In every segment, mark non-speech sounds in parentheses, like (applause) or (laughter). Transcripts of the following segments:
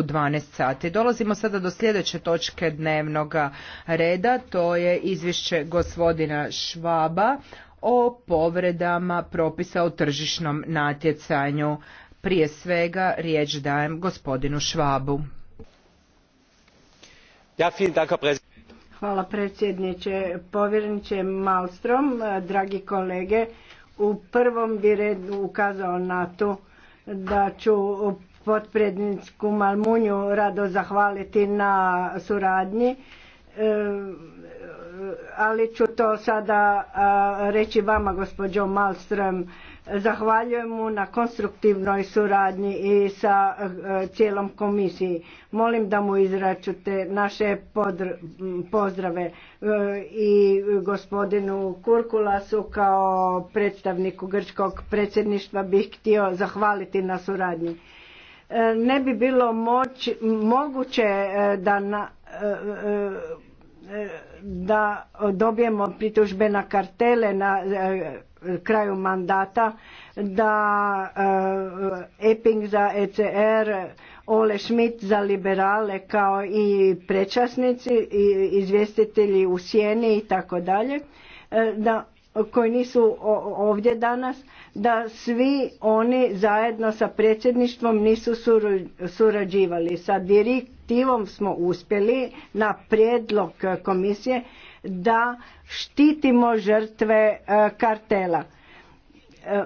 u 12 sati. Dolazimo sada do sljedeće točke dnevnog reda, to je izvješće gospodina Švaba o povredama propisa o tržišnom natjecanju. Prije svega riječ dajem gospodinu Švabu. Ja, Hvala predsjedniče, povjerniče Malstrom, dragi kolege. U prvom bi redu ukazao na to da ću potpredničku Malmunju rado zahvaliti na suradnji, e, ali ću to sada reći vama, gospođo Malström. Zahvaljujem mu na konstruktivnoj suradnji i sa e, cijelom komisiji. Molim da mu izračute naše pozdrave e, i gospodinu Kurkulasu kao predstavniku grčkog predsjedništva bih htio zahvaliti na suradnji ne bi bilo moguće e, da, na, e, e, da dobijemo pritužbe na kartele na kraju mandata, da Eping za ECR, Ole Schmidt za liberale kao i prečasnici i izvjestitelji u sjeni i tako dalje da koji nisu ovdje danas, da svi oni zajedno sa predsjedništvom nisu surađivali. Sa direktivom smo uspjeli na prijedlog komisije da štitimo žrtve e, kartela. E,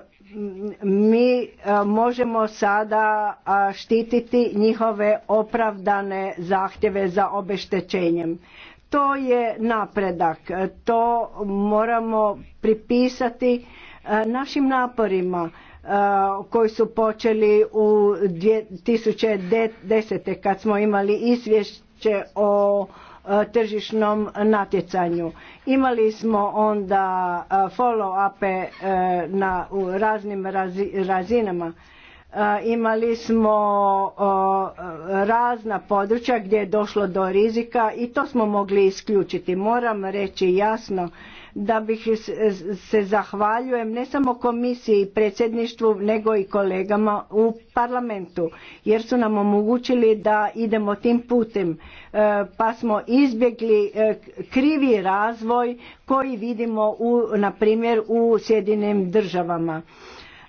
mi e, možemo sada štititi njihove opravdane zahtjeve za obeštećenjem to je napredak to moramo pripisati e, našim naporima e, koji su počeli u 2010. kad smo imali izvješće o e, tržišnom natjecanju. Imali smo onda follow-upe na u raznim razinama imali smo razna područja gdje je došlo do rizika i to smo mogli isključiti. Moram reći jasno da bih se zahvaljujem ne samo komisiji i predsjedništvu nego i kolegama u parlamentu jer su nam omogućili da idemo tim putem e, pa smo izbjegli e, krivi razvoj koji vidimo na primjer u Sjedinim državama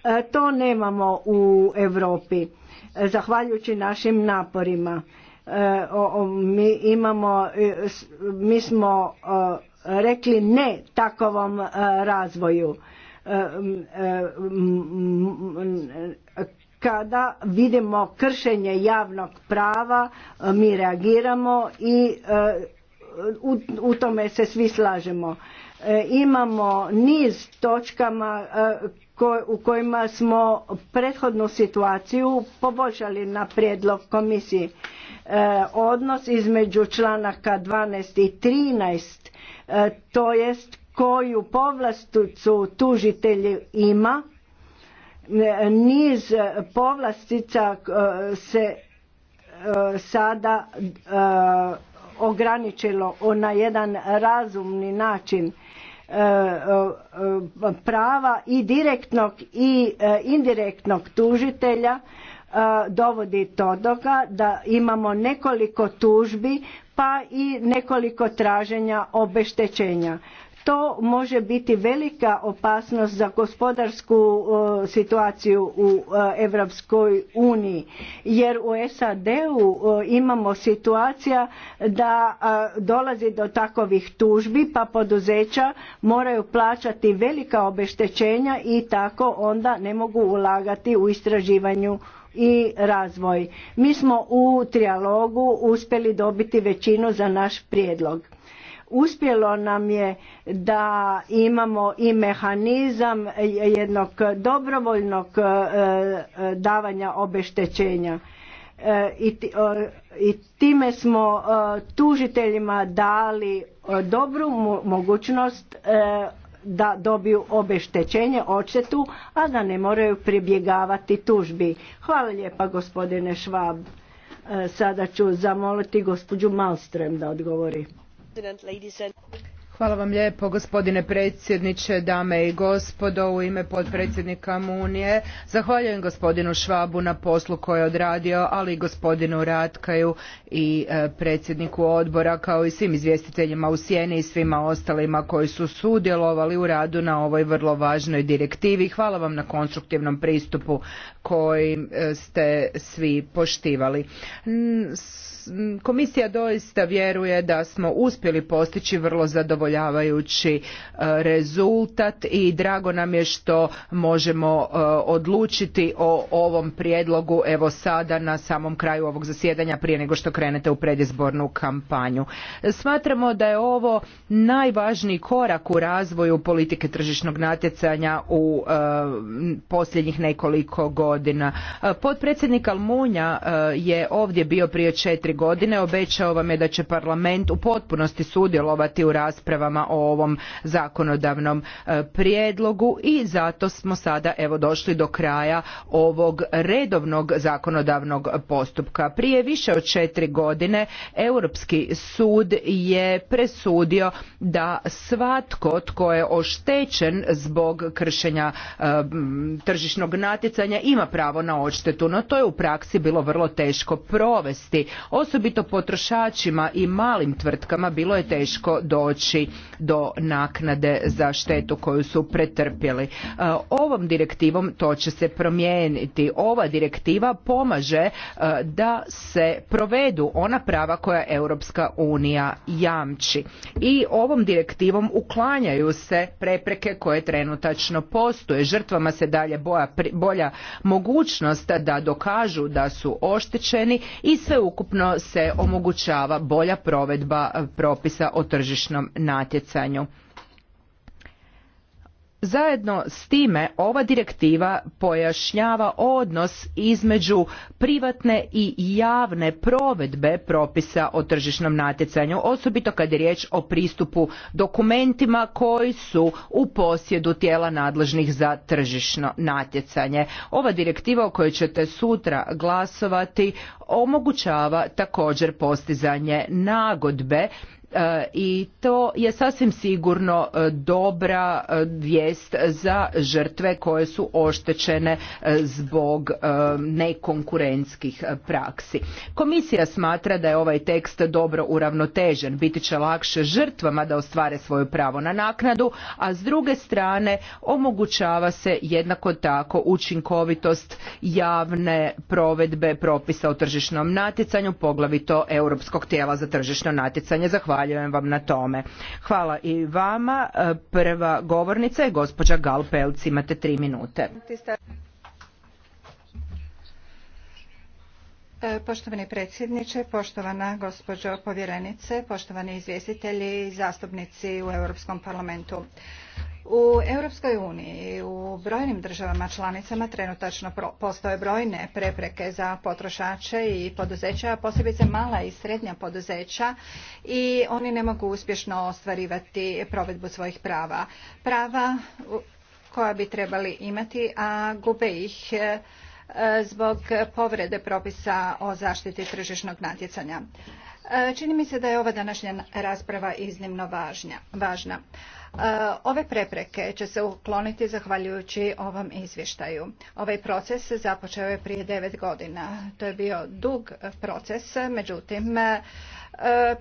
E, to nemamo u Europi e, zahvaljujući našim naporima. E, mi imamo, mi smo rekli ne takovom razvoju. Kada vidimo kršenje javnog prava, mi reagiramo i u tome se svi slažemo. E, imamo niz točkama e, u kojima smo prethodnu situaciju poboljšali na prijedlog komisije. E, odnos između članaka 12 i 13, to jest koju povlasticu tužitelj ima, niz povlastica se sada ograničilo na jedan razumni način E, e, prava i direktnog i e, indirektnog tužitelja dovodi do toga da imamo nekoliko tužbi pa i nekoliko traženja obeštećenja to može biti velika opasnost za gospodarsku e, situaciju u Europskoj uniji jer u SAD-u e, imamo situacija da e, dolazi do takovih tužbi pa poduzeća moraju plaćati velika obeštećenja i tako onda ne mogu ulagati u istraživanju i razvoj. Mi smo u trijalogu uspjeli dobiti većinu za naš prijedlog Uspjelo nam je da imamo i mehanizam jednog dobrovoljnog e, davanja obeštećenja e, e, i time smo tužiteljima dali dobru mogućnost da dobiju obeštećenje, očetu, a da ne moraju pribjegavati tužbi. Hvala lijepa gospodine Švab. Sada ću zamoliti gospođu Malstrem da odgovori. Hvala vam lijepo gospodine predsjedniče, dame i gospodo u ime potpredsjednika Munije. Zahvaljujem gospodinu Švabu na poslu koji je odradio, ali i gospodinu Ratkaju i e, predsjedniku odbora kao i svim izvjestiteljima u sjeni i svima ostalima koji su sudjelovali u radu na ovoj vrlo važnoj direktivi. Hvala vam na konstruktivnom pristupu koji e, ste svi poštivali. Komisija doista vjeruje da smo uspjeli postići vrlo zadovoljavajući e, rezultat i drago nam je što možemo e, odlučiti o ovom prijedlogu evo sada na samom kraju ovog zasjedanja prije nego što krenete u predizbornu kampanju. Smatramo da je ovo najvažniji korak u razvoju politike tržišnog natjecanja u posljednjih nekoliko godina godina. E, potpredsjednik Almunja e, je ovdje bio prije četiri godine, obećao vam je da će parlament u potpunosti sudjelovati u raspravama o ovom zakonodavnom e, prijedlogu i zato smo sada evo došli do kraja ovog redovnog zakonodavnog postupka. Prije više od četiri godine Europski sud je presudio da svatko tko je oštećen zbog kršenja tržišnog natjecanja ima pravo na odštetu, no to je u praksi bilo vrlo teško provesti. Osobito potrošačima i malim tvrtkama bilo je teško doći do naknade za štetu koju su pretrpjeli. E, ovom direktivom to će se promijeniti. Ova direktiva pomaže e, da se provedu ona prava koja Europska unija jamči. I ovom direktivom uklanjaju se prepreke koje trenutačno postoje. Žrtvama se dalje bolja bolja mogućnost da dokažu da su oštećeni i sveukupno se omogućava bolja provedba propisa o tržišnom natjecanju. Zajedno s time ova direktiva pojašnjava odnos između privatne i javne provedbe propisa o tržišnom natjecanju, osobito kad je riječ o pristupu dokumentima koji su u posjedu tijela nadležnih za tržišno natjecanje. Ova direktiva o kojoj ćete sutra glasovati omogućava također postizanje nagodbe E, i to je sasvim sigurno e, dobra e, vijest za žrtve koje su oštećene zbog nekonkurentskih praksi. Komisija smatra da je ovaj tekst dobro uravnotežen, biti će lakše žrtvama da ostvare svoje pravo na naknadu, a s druge strane omogućava se jednako tako učinkovitost javne provedbe propisa o tržišnom natjecanju, poglavito Europskog tijela za tržišno natjecanje. Zahvaljujem zahvaljujem vam na tome. Hvala i vama. E, prva govornica je gospođa Gal Pelc. Imate tri minute. E, poštovani predsjedniče, poštovana gospođo povjerenice, poštovani izvjestitelji i zastupnici u Europskom parlamentu. U Europskoj uniji u brojnim državama članicama trenutačno postoje brojne prepreke za potrošače i poduzeća, posebice mala i srednja poduzeća i oni ne mogu uspješno ostvarivati provedbu svojih prava. Prava koja bi trebali imati, a gube ih e, zbog povrede propisa o zaštiti tržišnog natjecanja. E, čini mi se da je ova današnja rasprava iznimno važna. E, ove prepreke će se ukloniti zahvaljujući ovom izvještaju. Ovaj proces započeo je prije devet godina. To je bio dug proces, međutim, e,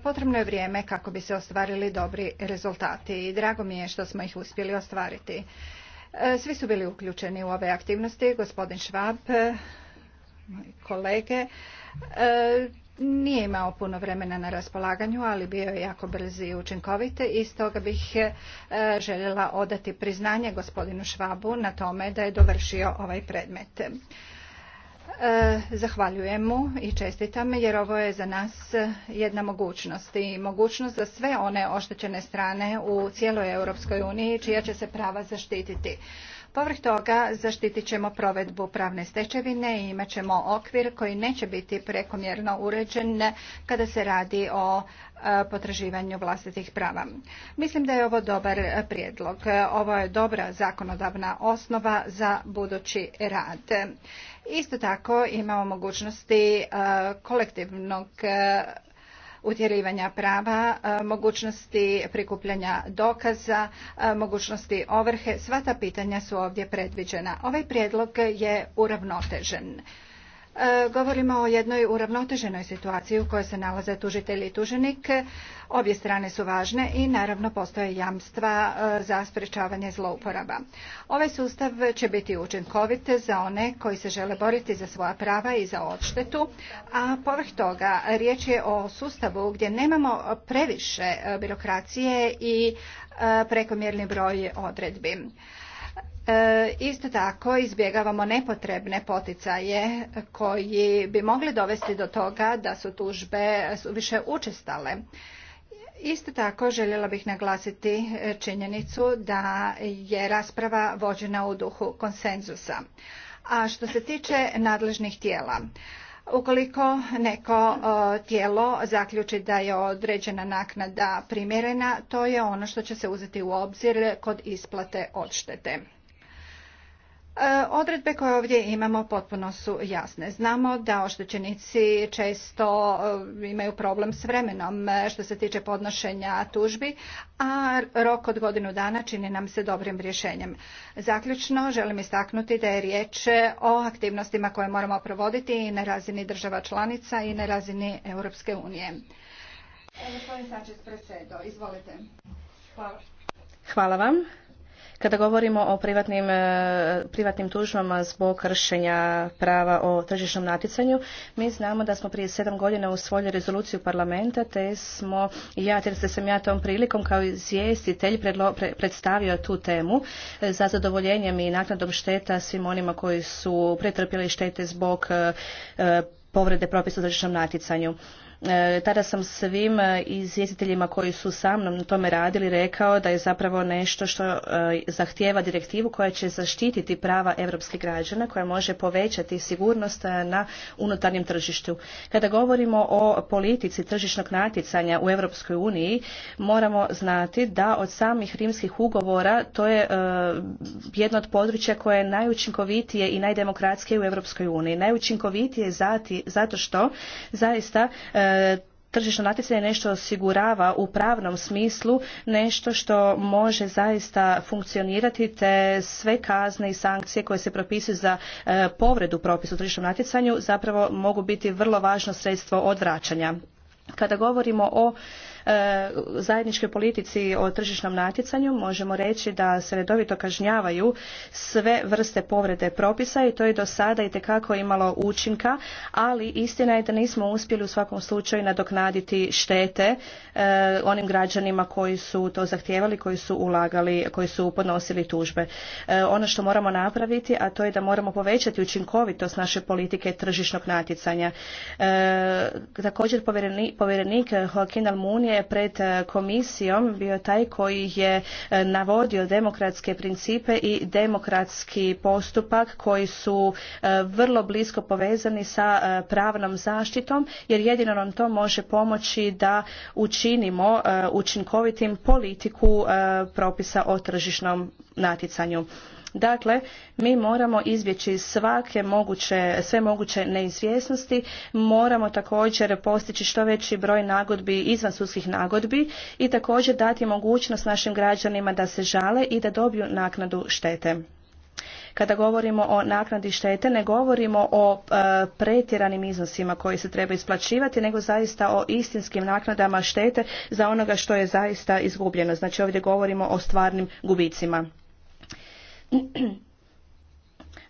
potrebno je vrijeme kako bi se ostvarili dobri rezultati i drago mi je što smo ih uspjeli ostvariti. Svi su bili uključeni u ove aktivnosti, gospodin Schwab kolege nije imao puno vremena na raspolaganju, ali bio je jako brz i učinkovit i stoga bih e, željela odati priznanje gospodinu Švabu na tome da je dovršio ovaj predmet. E, zahvaljujem mu i čestitam jer ovo je za nas jedna mogućnost i mogućnost za sve one oštećene strane u cijeloj Europskoj uniji čija će se prava zaštititi. Povrh toga zaštitit ćemo provedbu pravne stečevine i imat ćemo okvir koji neće biti prekomjerno uređen kada se radi o e, potraživanju vlastitih prava. Mislim da je ovo dobar prijedlog. Ovo je dobra zakonodavna osnova za budući rad. Isto tako imamo mogućnosti e, kolektivnog e, utjerivanja prava, e, mogućnosti prikupljanja dokaza, e, mogućnosti ovrhe. Sva ta pitanja su ovdje predviđena. Ovaj prijedlog je uravnotežen. E, govorimo o jednoj uravnoteženoj situaciji u kojoj se nalaze tužitelj i tuženik. Obje strane su važne i naravno postoje jamstva e, za sprečavanje zlouporaba. Ovaj sustav će biti učinkovit za one koji se žele boriti za svoja prava i za odštetu, a povrh toga riječ je o sustavu gdje nemamo previše e, birokracije i prekomjerni broj odredbi. E, isto tako izbjegavamo nepotrebne poticaje koji bi mogli dovesti do toga da su tužbe više učestale. Isto tako željela bih naglasiti činjenicu da je rasprava vođena u duhu konsenzusa. A što se tiče nadležnih tijela, Ukoliko neko tijelo zaključi da je određena naknada primjerena, to je ono što će se uzeti u obzir kod isplate odštete. E, odredbe koje ovdje imamo potpuno su jasne. Znamo da oštećenici često e, imaju problem s vremenom e, što se tiče podnošenja tužbi, a rok od godinu dana čini nam se dobrim rješenjem. Zaključno želim istaknuti da je riječ o aktivnostima koje moramo provoditi i na razini država članica i na razini Europske unije. Hvala vam. Kada govorimo o privatnim, e, privatnim tužbama zbog kršenja prava o tržišnom natjecanju, mi znamo da smo prije sedam godina usvojili rezoluciju parlamenta, te smo, ja, jer se sam ja tom prilikom kao izvjestitelj predstavio tu temu e, za zadovoljenjem i naknadom šteta svim onima koji su pretrpjeli štete zbog e, povrede propisa o tržišnom natjecanju. E, tada sam svim e, izvjestiteljima koji su sa mnom na tome radili rekao da je zapravo nešto što e, zahtijeva direktivu koja će zaštititi prava europskih građana koja može povećati sigurnost na unutarnjem tržištu. Kada govorimo o politici tržišnog natjecanja u Europskoj uniji moramo znati da od samih rimskih ugovora to je jedno od područja koje je najučinkovitije i najdemokratskije u Europskoj uniji. Najučinkovitije zato što zaista tržišno natjecanje nešto osigurava u pravnom smislu, nešto što može zaista funkcionirati te sve kazne i sankcije koje se propisuju za e, povredu propisa u tržišnom natjecanju zapravo mogu biti vrlo važno sredstvo odvraćanja. Kada govorimo o E, zajedničkoj politici o tržišnom natjecanju možemo reći da se redovito kažnjavaju sve vrste povrede propisa i to je do sada itekako imalo učinka, ali istina je da nismo uspjeli u svakom slučaju nadoknaditi štete e, onim građanima koji su to zahtijevali, koji su ulagali, koji su podnosili tužbe. E, ono što moramo napraviti, a to je da moramo povećati učinkovitost naše politike tržišnog natjecanja. Također povjerenik Joaquin Almun je pred e, komisijom bio taj koji je e, navodio demokratske principe i demokratski postupak koji su e, vrlo blisko povezani sa pravnom zaštitom jer jedino nam to može pomoći da učinimo učinkovitim politiku propisa o tržišnom natjecanju. Dakle, mi moramo izbjeći svake moguće, sve moguće neizvjesnosti, moramo također postići što veći broj nagodbi, izvan sudskih nagodbi i također dati mogućnost našim građanima da se žale i da dobiju naknadu štete kada govorimo o naknadi štete ne govorimo o e, pretjeranim iznosima koji se treba isplaćivati nego zaista o istinskim naknadama štete za onoga što je zaista izgubljeno znači ovdje govorimo o stvarnim gubicima (clears throat)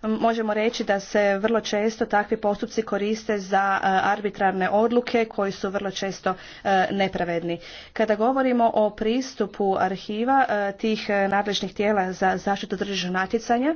možemo reći da se vrlo često takvi postupci koriste za e, arbitrarne odluke koji su vrlo često e, nepravedni. Kada govorimo o pristupu arhiva e, tih nadležnih tijela za zaštitu tržišnog natjecanja,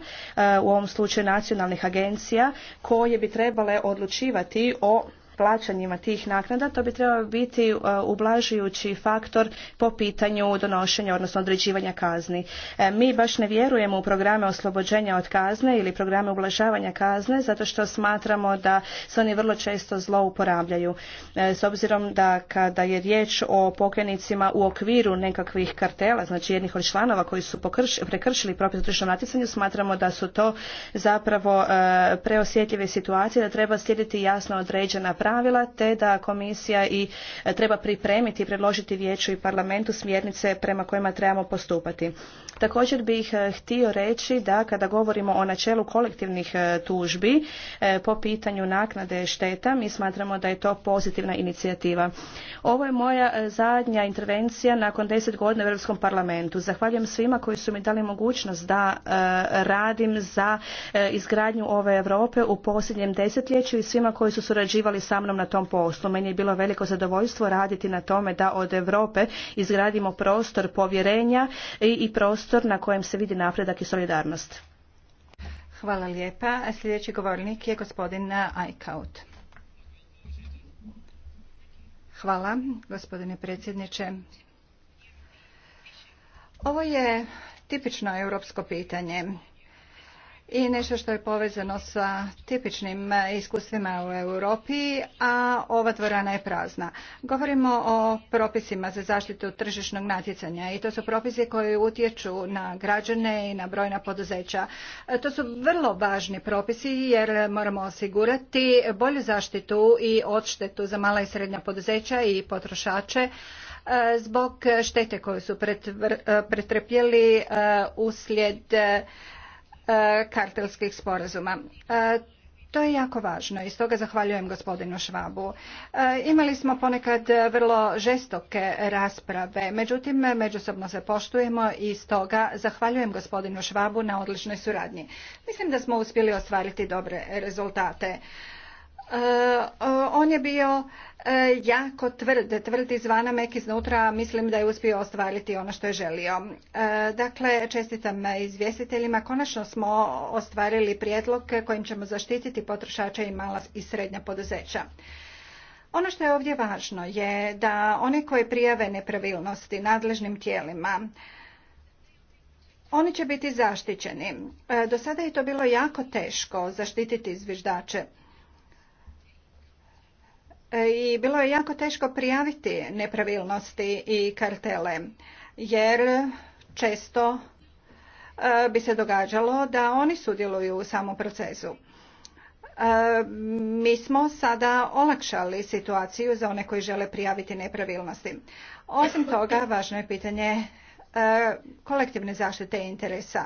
u ovom slučaju nacionalnih agencija, koje bi trebale odlučivati o plaćanjima tih naknada, to bi trebalo biti e, ublažujući faktor po pitanju donošenja, odnosno određivanja kazni. E, mi baš ne vjerujemo u programe oslobođenja od kazne ili programe ublažavanja kazne, zato što smatramo da se oni vrlo često zlouporabljaju. E, s obzirom da kada je riječ o pokajnicima u okviru nekakvih kartela, znači jednih od članova koji su prekršili propis o natjecanju, smatramo da su to zapravo preosjetljive situacije, da treba slijediti jasno određena pravila te da komisija i e, treba pripremiti i predložiti vijeću i parlamentu smjernice prema kojima trebamo postupati. Također bih e, htio reći da kada govorimo o načelu kolektivnih e, tužbi po pitanju naknade šteta, mi smatramo da je to pozitivna inicijativa. Ovo je moja zadnja intervencija nakon deset godina u Europskom parlamentu. Zahvaljujem svima koji su mi dali mogućnost da radim za izgradnju ove Europe u posljednjem desetljeću i svima koji su surađivali sa mnom na tom poslu. Meni je bilo veliko zadovoljstvo raditi na tome da od Europe izgradimo prostor povjerenja i prostor na kojem se vidi napredak i solidarnost. Hvala lijepa. Sljedeći govornik je gospodin Ajkaut. Hvala, gospodine predsjedniče. Ovo je tipično europsko pitanje i nešto što je povezano sa tipičnim iskustvima u Europi, a ova dvorana je prazna. Govorimo o propisima za zaštitu tržišnog natjecanja i to su propisi koji utječu na građane i na brojna poduzeća. To su vrlo važni propisi jer moramo osigurati bolju zaštitu i odštetu za mala i srednja poduzeća i potrošače e, zbog štete koju su pretrpjeli e, uslijed E, kartelskih sporazuma. E, to je jako važno i stoga zahvaljujem gospodinu Švabu. E, imali smo ponekad vrlo žestoke rasprave, međutim međusobno se poštujemo i stoga zahvaljujem gospodinu Švabu na odličnoj suradnji. Mislim da smo uspjeli ostvariti dobre rezultate. Eh, on je bio eh, jako tvrd, tvrd izvana, mek iznutra, mislim da je uspio ostvariti ono što je želio. Eh, dakle, čestitam izvjestiteljima. Konačno smo ostvarili prijedlog kojim ćemo zaštititi potrošače i mala i srednja poduzeća. Ono što je ovdje važno je da one koje prijave nepravilnosti nadležnim tijelima, oni će biti zaštićeni. Do sada je to bilo jako teško zaštititi zviždače E, i bilo je jako teško prijaviti nepravilnosti i kartele jer često e, bi se događalo da oni sudjeluju u samom procesu. E, mi smo sada olakšali situaciju za one koji žele prijaviti nepravilnosti. Osim toga, važno je pitanje kolektivne zaštite interesa.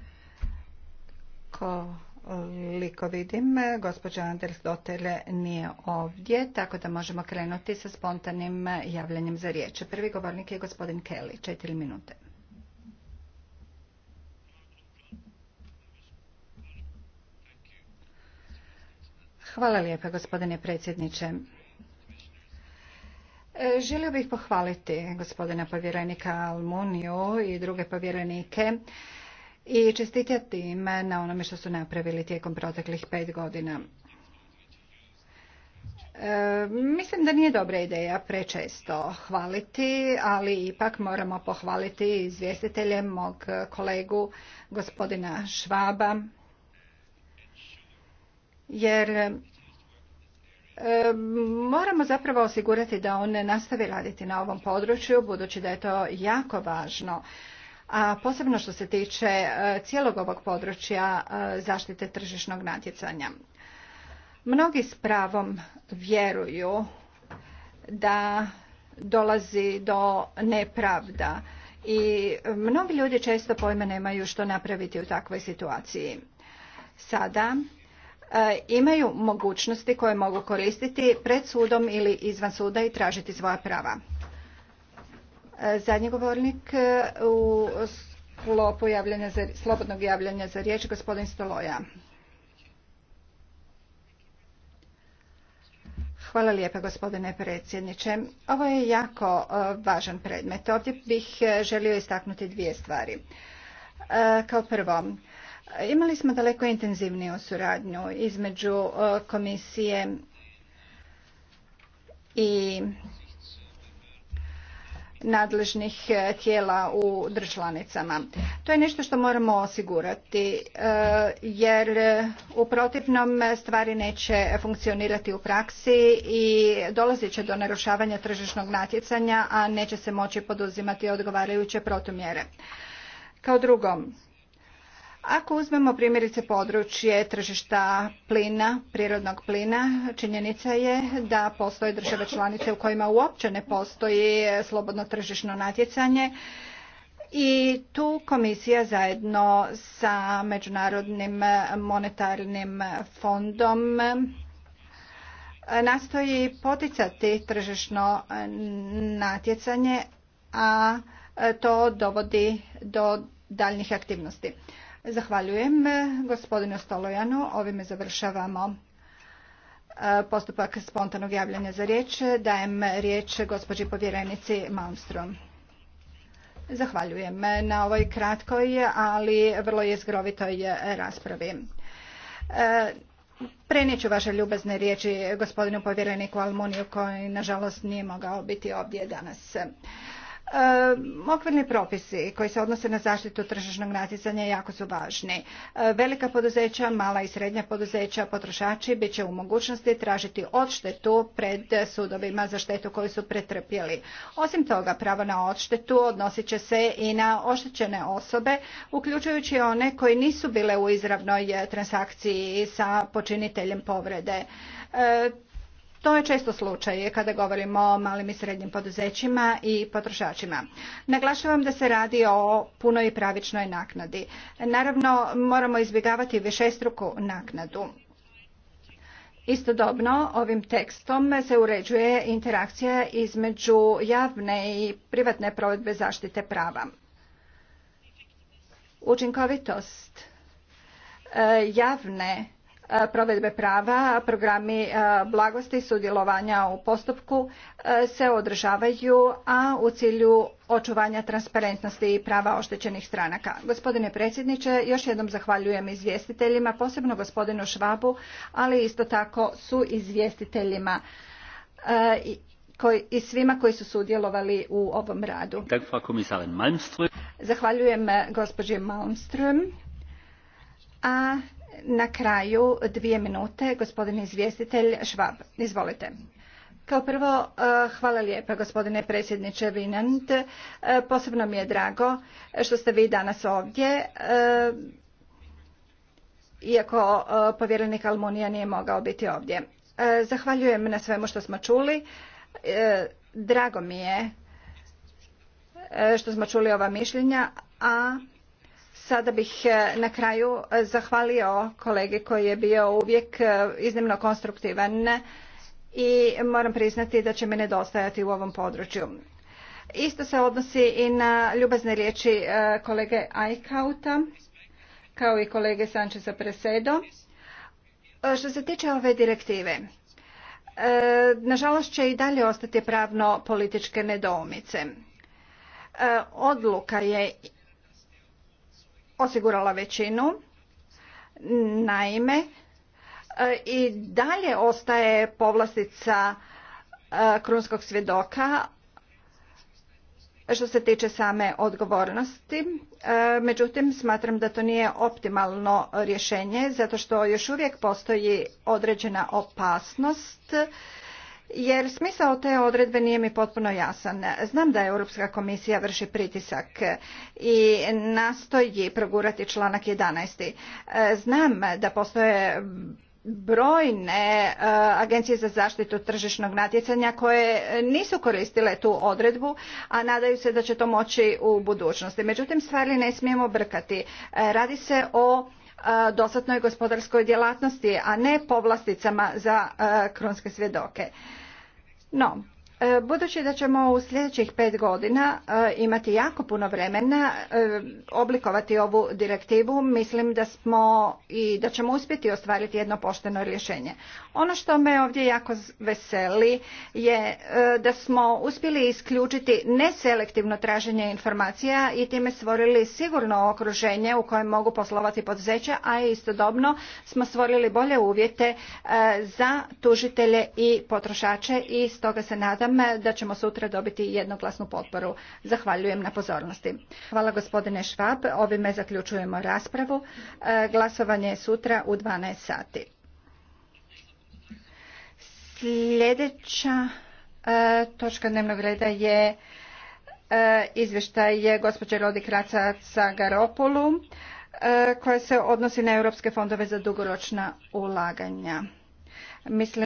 koliko eh, vidim, gospođa Anders Dotel nije ovdje, tako da možemo krenuti sa spontanim eh, javljanjem za riječ. Prvi govornik je gospodin Kelly, četiri minute. Hvala lijepa gospodine predsjedniče. Eh, želio bih pohvaliti gospodina povjerenika Almuniju i druge povjerenike i čestitati im na onome što su napravili tijekom proteklih pet godina. E, mislim da nije dobra ideja prečesto hvaliti, ali ipak moramo pohvaliti izvjestitelje mog kolegu gospodina Švaba, jer e, moramo zapravo osigurati da on ne nastavi raditi na ovom području, budući da je to jako važno a posebno što se tiče e, cijelog ovog područja e, zaštite tržišnog natjecanja. Mnogi s pravom vjeruju da dolazi do nepravda i mnogi ljudi često pojma nemaju što napraviti u takvoj situaciji. Sada e, imaju mogućnosti koje mogu koristiti pred sudom ili izvan suda i tražiti svoja prava. Zadnji govornik e, u sklopu za, slobodnog javljanja za riječ, gospodin Stoloja. Hvala lijepa gospodine predsjedniče. Ovo je jako e, važan predmet. Ovdje bih e, želio istaknuti dvije stvari. Kao prvo, imali smo daleko intenzivniju suradnju između komisije i nadležnih e, tijela u državnicama. To je nešto što moramo osigurati e, jer e, u protivnom stvari neće funkcionirati u praksi i dolazit će do narušavanja tržišnog natjecanja, a neće se moći poduzimati odgovarajuće protumjere. Kao drugo, ako uzmemo primjerice područje tržišta plina, prirodnog plina, činjenica je da postoje države članice u kojima uopće ne postoji slobodno tržišno natjecanje i tu komisija zajedno sa Međunarodnim monetarnim fondom nastoji poticati tržišno natjecanje, a to dovodi do daljnjih aktivnosti. Zahvaljujem e, gospodinu Stolojanu. Ovime završavamo e, postupak spontanog javljanja za riječ. Dajem riječ gospođi povjerenici Malmstrom. Zahvaljujem na ovoj kratkoj, ali vrlo jezgrovitoj raspravi. E, prenijet ću vaše ljubazne riječi gospodinu povjereniku Almoniju koji nažalost nije mogao biti ovdje danas. Okvirni propisi koji se odnose na zaštitu tržišnog natjecanja jako su važni. Velika poduzeća, mala i srednja poduzeća, potrošači bit će u mogućnosti tražiti odštetu pred sudovima za štetu koju su pretrpjeli. Osim toga, pravo na odštetu odnosit će se i na oštećene osobe, uključujući one koji nisu bile u izravnoj transakciji sa počiniteljem povrede to je često slučaj kada govorimo o malim i srednjim poduzećima i potrošačima. Naglašavam da se radi o punoj i pravičnoj naknadi. Naravno, moramo izbjegavati višestruku naknadu. Istodobno, ovim tekstom se uređuje interakcija između javne i privatne provedbe zaštite prava. Učinkovitost e, javne E, provedbe prava, programi e, blagosti sudjelovanja u postupku e, se održavaju, a u cilju očuvanja transparentnosti i prava oštećenih stranaka. Gospodine predsjedniče, još jednom zahvaljujem izvjestiteljima, posebno gospodinu Švabu, ali isto tako su izvjestiteljima i svima koji su sudjelovali u ovom radu. Zahvaljujem gospođi Malmström. A na kraju dvije minute, gospodin izvjestitelj Švab. Izvolite. Kao prvo, eh, hvala lijepa gospodine predsjedniče Vinand. Eh, posebno mi je drago što ste vi danas ovdje. Eh, iako povjerenik Almunija nije mogao biti ovdje. Zahvaljujem na svemu što smo čuli. Drago mi je što smo čuli ova mišljenja, a Sada bih e, na kraju e, zahvalio kolegi koji je bio uvijek e, iznimno konstruktivan i moram priznati da će mi nedostajati u ovom području. Isto se odnosi i na ljubazne riječi kolege Ajkauta kao i kolege Sančeza Presedo. Što se tiče ove direktive, nažalost će i dalje ostati pravno političke nedoumice. Odluka je osigurala većinu. Naime, e, i dalje ostaje povlastica e, krunskog svjedoka što se tiče same odgovornosti. E, međutim, smatram da to nije optimalno rješenje zato što još uvijek postoji određena opasnost jer smisao te odredbe nije mi potpuno jasan. Znam da Europska komisija vrši pritisak i nastoji progurati članak 11. Znam da postoje brojne e, agencije za zaštitu tržišnog natjecanja koje nisu koristile tu odredbu, a nadaju se da će to moći u budućnosti. Međutim, stvari ne smijemo brkati. E, radi se o dostatnoj gospodarskoj djelatnosti, a ne povlasticama za krunske svjedoke. No, E, budući da ćemo u sljedećih pet godina e, imati jako puno vremena e, oblikovati ovu direktivu, mislim da smo i da ćemo uspjeti ostvariti jedno pošteno rješenje. Ono što me ovdje jako veseli je da smo uspjeli isključiti neselektivno traženje informacija i time stvorili sigurno okruženje u kojem mogu poslovati poduzeća, a istodobno smo stvorili bolje uvjete za tužitelje i potrošače i stoga se nadam nadam eh, da ćemo sutra dobiti jednoglasnu potporu. Zahvaljujem na pozornosti. Hvala gospodine Švab. Ovime zaključujemo raspravu. Eh, glasovanje je sutra u 12 sati. Sljedeća eh, točka dnevnog reda je izvještaj je gospođe Rodi Kracaca Garopolu koja se odnosi na europske fondove za dugoročna ulaganja. Mislim